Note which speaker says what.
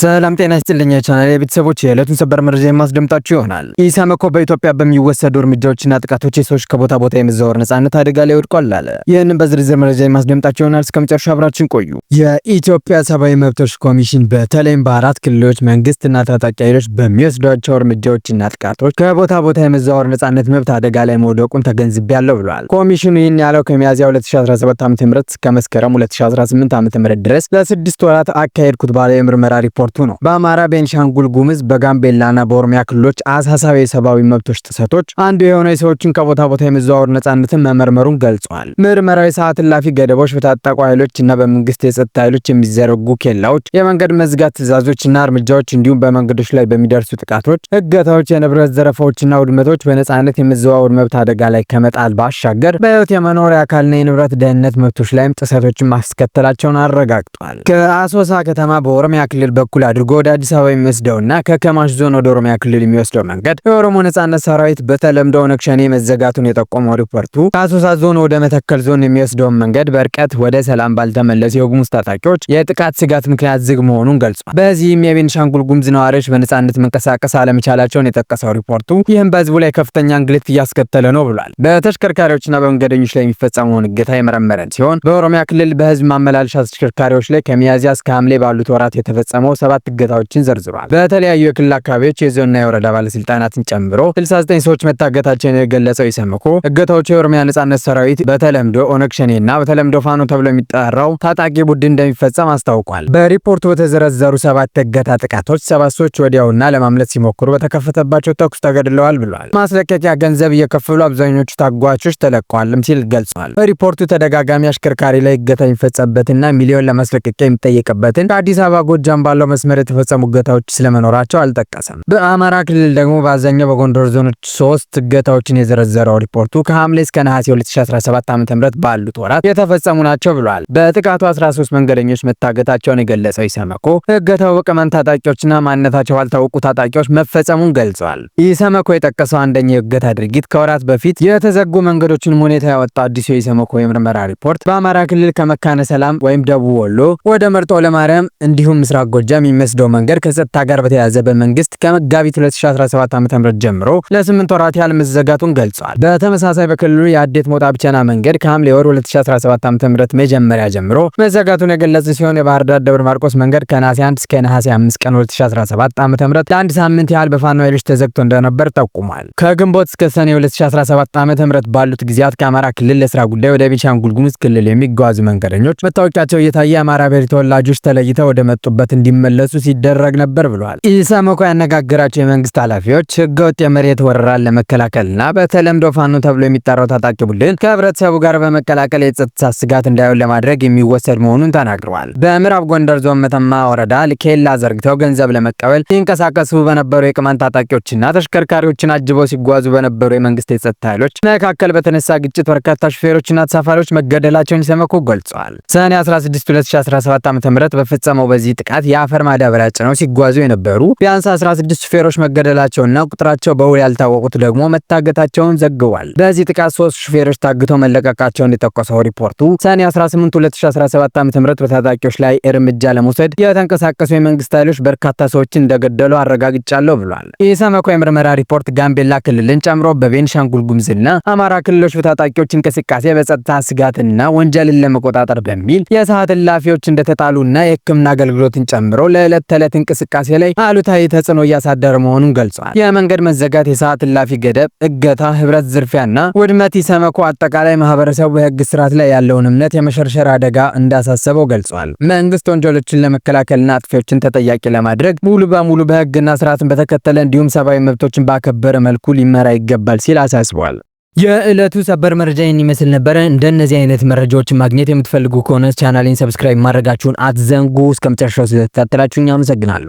Speaker 1: ሰላም ጤና ይስጥልኝ የቻናል የቤተሰቦች የዕለቱን ሰበር መረጃ የማስደምጣችሁ ይሆናል። ኢሰመኮ በኢትዮጵያ በሚወሰዱ እርምጃዎችና ጥቃቶች የሰዎች ከቦታ ቦታ የመዘዋወር ነጻነት አደጋ ላይ ወድቋል አለ። ይህንን በዝርዝር መረጃ የማስደምጣችሁ ይሆናል። እስከ መጨረሻ አብራችን ቆዩ።
Speaker 2: የኢትዮጵያ ሰብአዊ መብቶች ኮሚሽን በተለይም በአራት ክልሎች መንግስትና ታጣቂ ኃይሎች በሚወስዷቸው እርምጃዎችና ጥቃቶች ከቦታ ቦታ የመዘዋወር ነጻነት መብት አደጋ ላይ መውደቁን ተገንዝቤያለሁ ብሏል። ኮሚሽኑ ይህን ያለው ከሚያዝያ 2017 ዓ ም እስከ መስከረም 2018 ዓ ም ድረስ ለስድስት ወራት አካሄድኩት ባለ የምርመራ ሪፖርት ሪፖርቱ ነው። በአማራ፣ ቤንሻንጉል ጉምዝ፣ በጋምቤላና በኦሮሚያ ክልሎች አሳሳቢ የሰብአዊ መብቶች ጥሰቶች አንዱ የሆነ የሰዎችን ከቦታ ቦታ የመዘዋወር ነጻነትን መመርመሩን ገልጿል። ምርመራዊ ሰዓት እላፊ ገደቦች በታጠቁ ኃይሎች እና በመንግስት የጸጥታ ኃይሎች የሚዘረጉ ኬላዎች፣ የመንገድ መዝጋት ትእዛዞች እና እርምጃዎች እንዲሁም በመንገዶች ላይ በሚደርሱ ጥቃቶች፣ እገታዎች፣ የንብረት ዘረፋዎችና ውድመቶች በነጻነት የመዘዋወር መብት አደጋ ላይ ከመጣል ባሻገር በህይወት የመኖሪያ አካልና የንብረት ደህንነት መብቶች ላይም ጥሰቶችን ማስከተላቸውን አረጋግጧል።
Speaker 3: ከአሶሳ ከተማ በኦሮሚያ ክልል በኩል በኩል አድርጎ ወደ አዲስ አበባ የሚወስደውና ከከማሽ ዞን ወደ ኦሮሚያ ክልል የሚወስደው መንገድ የኦሮሞ ነጻነት ሰራዊት በተለምዶ ኦነግ ሸኔ መዘጋቱን የጠቆመው ሪፖርቱ ከአሶሳ ዞን ወደ መተከል ዞን የሚወስደውን መንገድ በርቀት ወደ ሰላም ባልተመለሱ የጉሙዝ ታጣቂዎች የጥቃት ስጋት ምክንያት ዝግ መሆኑን ገልጿል። በዚህም የቤንሻንጉል ጉሙዝ ነዋሪዎች በነጻነት መንቀሳቀስ አለመቻላቸውን የጠቀሰው ሪፖርቱ ይህም በህዝቡ ላይ ከፍተኛ እንግልት እያስከተለ ነው ብሏል። በተሽከርካሪዎችና በመንገደኞች ላይ የሚፈጸመውን እገታ የመረመረን ሲሆን በኦሮሚያ ክልል በህዝብ ማመላለሻ ተሽከርካሪዎች ላይ ከሚያዝያ እስከ ሐምሌ ባሉት ወራት የተፈጸመው ሰባት እገታዎችን ዘርዝሯል። በተለያዩ የክልል አካባቢዎች የዞንና የወረዳ ባለስልጣናትን ጨምሮ 69 ሰዎች መታገታቸውን የገለጸው ኢሰመኮ እገታዎቹ የኦሮሚያ ነጻነት ሰራዊት በተለምዶ ኦነግ ሸኔና በተለምዶ ፋኖ ተብሎ የሚጠራው ታጣቂ ቡድን እንደሚፈጸም አስታውቋል። በሪፖርቱ በተዘረዘሩ ሰባት እገታ ጥቃቶች ሰባት ሰዎች ወዲያውና ለማምለት ሲሞክሩ በተከፈተባቸው ተኩስ ተገድለዋል ብሏል። ማስለቀቂያ ገንዘብ እየከፈሉ አብዛኞቹ ታጓቾች ተለቀዋልም ሲል ገልጿል። በሪፖርቱ ተደጋጋሚ አሽከርካሪ ላይ እገታ የሚፈጸምበትና ሚሊዮን ለማስለቀቂያ የሚጠየቅበትን ከአዲስ አበባ ጎጃም ባለው መስመር የተፈጸሙ እገታዎች ስለመኖራቸው አልጠቀሰም። በአማራ ክልል ደግሞ በአብዛኛው በጎንደር ዞኖች ሶስት እገታዎችን የዘረዘረው ሪፖርቱ ከሐምሌ እስከ ነሐሴ 2017 ዓ ም ባሉት ወራት የተፈጸሙ ናቸው ብሏል። በጥቃቱ 13 መንገደኞች መታገታቸውን የገለጸው ኢሰመኮ እገታው በቀመን ታጣቂዎችና ማንነታቸው ባልታወቁ ታጣቂዎች መፈጸሙን ገልጿል። ኢሰመኮ የጠቀሰው አንደኛ የእገታ ድርጊት ከወራት በፊት የተዘጉ መንገዶችን ሁኔታ ያወጣ አዲሱ የኢሰመኮ የምርመራ ሪፖርት በአማራ ክልል ከመካነ ሰላም ወይም ደቡብ ወሎ ወደ መርጦ ለማርያም እንዲሁም ምስራቅ ጎጃም የሚመስደው መንገድ ከጸጥታ ጋር በተያያዘ በመንግስት ከመጋቢት 2017 ዓ.ም ጀምሮ ለስምንት ወራት ያህል መዘጋቱን ገልጿል። በተመሳሳይ በክልሉ የአዴት ሞጣ ብቸና መንገድ ከሐምሌ ወር 2017 ዓ.ም መጀመሪያ ጀምሮ መዘጋቱን የገለጸ ሲሆን የባህር ዳር ደብረ ማርቆስ መንገድ ከነሐሴ 1 እስከ ነሐሴ 5 ቀን 2017 ዓ.ም ለአንድ ሳምንት ያህል በፋኖ ኃይሎች ተዘግቶ እንደነበር ጠቁሟል። ከግንቦት እስከ ሰኔ 2017 ዓ.ም ባሉት ጊዜያት ከአማራ ክልል ለስራ ጉዳይ ወደ ቤኒሻንጉል ጉሙዝ ክልል የሚጓዙ መንገደኞች መታወቂያቸው እየታየ አማራ ብሔር ተወላጆች ተለይተው ወደ መጡበት እንዲመለሱ እንዲመለሱ ሲደረግ ነበር ብሏል። ኢሰመኮ ያነጋገራቸው የመንግስት ኃላፊዎች ህገወጥ የመሬት ወረራን ለመከላከልና በተለምዶ ፋኖ ተብሎ የሚጠራው ታጣቂ ቡድን ከህብረተሰቡ ጋር በመቀላቀል የጸጥታ ስጋት እንዳይሆን ለማድረግ የሚወሰድ መሆኑን ተናግረዋል። በምዕራብ ጎንደር ዞን መተማ ወረዳ ኬላ ዘርግተው ገንዘብ ለመቀበል ሲንቀሳቀሱ በነበሩ የቅማንት ታጣቂዎችና ተሽከርካሪዎችን አጅበው ሲጓዙ በነበሩ የመንግስት የጸጥታ ኃይሎች መካከል በተነሳ ግጭት በርካታ ሾፌሮችና ተሳፋሪዎች መገደላቸውን ኢሰመኮ ገልጿል። ሰኔ 16 2017 ዓ ም በፈጸመው በዚህ ጥቃት የአፈ የስኳር ማዳበሪያ ጭነው ሲጓዙ የነበሩ ቢያንስ 16 ሹፌሮች መገደላቸውና ቁጥራቸው በውል ያልታወቁት ደግሞ መታገታቸውን ዘግቧል። በዚህ ጥቃት ሶስት ሹፌሮች ታግተው መለቀቃቸውን የጠቆሰው ሪፖርቱ ሰኔ 18 2017 ዓ ም በታጣቂዎች ላይ እርምጃ ለመውሰድ የተንቀሳቀሱ የመንግስት ኃይሎች በርካታ ሰዎችን እንደገደሉ አረጋግጫለሁ ብሏል። ኢሰመኮ የምርመራ ሪፖርት ጋምቤላ ክልልን ጨምሮ በቤንሻንጉል ጉምዝና አማራ ክልሎች በታጣቂዎች እንቅስቃሴ በጸጥታ ስጋትና ወንጀልን ለመቆጣጠር በሚል የሰዓት እላፊዎች እንደተጣሉና የህክምና አገልግሎትን ጨምሮ ለዕለት ተዕለት እንቅስቃሴ ላይ አሉታዊ ተጽዕኖ እያሳደረ መሆኑን ገልጿል። የመንገድ መዘጋት፣ የሰዓት እላፊ ገደብ፣ እገታ፣ ህብረት ዝርፊያና ውድመት ኢሰመኮ አጠቃላይ ማህበረሰቡ በህግ ስርዓት ላይ ያለውን እምነት የመሸርሸር አደጋ እንዳሳሰበው ገልጿል። መንግስት ወንጀሎችን ለመከላከልና አጥፊዎችን ተጠያቂ ለማድረግ ሙሉ በሙሉ በህግና ስርዓትን በተከተለ እንዲሁም ሰብአዊ መብቶችን ባከበረ መልኩ ሊመራ ይገባል ሲል አሳስቧል።
Speaker 4: የዕለቱ ሰበር መረጃ ይህን ይመስል ነበረ። እንደነዚህ አይነት መረጃዎች ማግኘት የምትፈልጉ ከሆነ ቻናሌን ሰብስክራይብ ማድረጋችሁን አትዘንጉ። እስከመጨረሻው ስለተከታተላችሁኝ አመሰግናለሁ።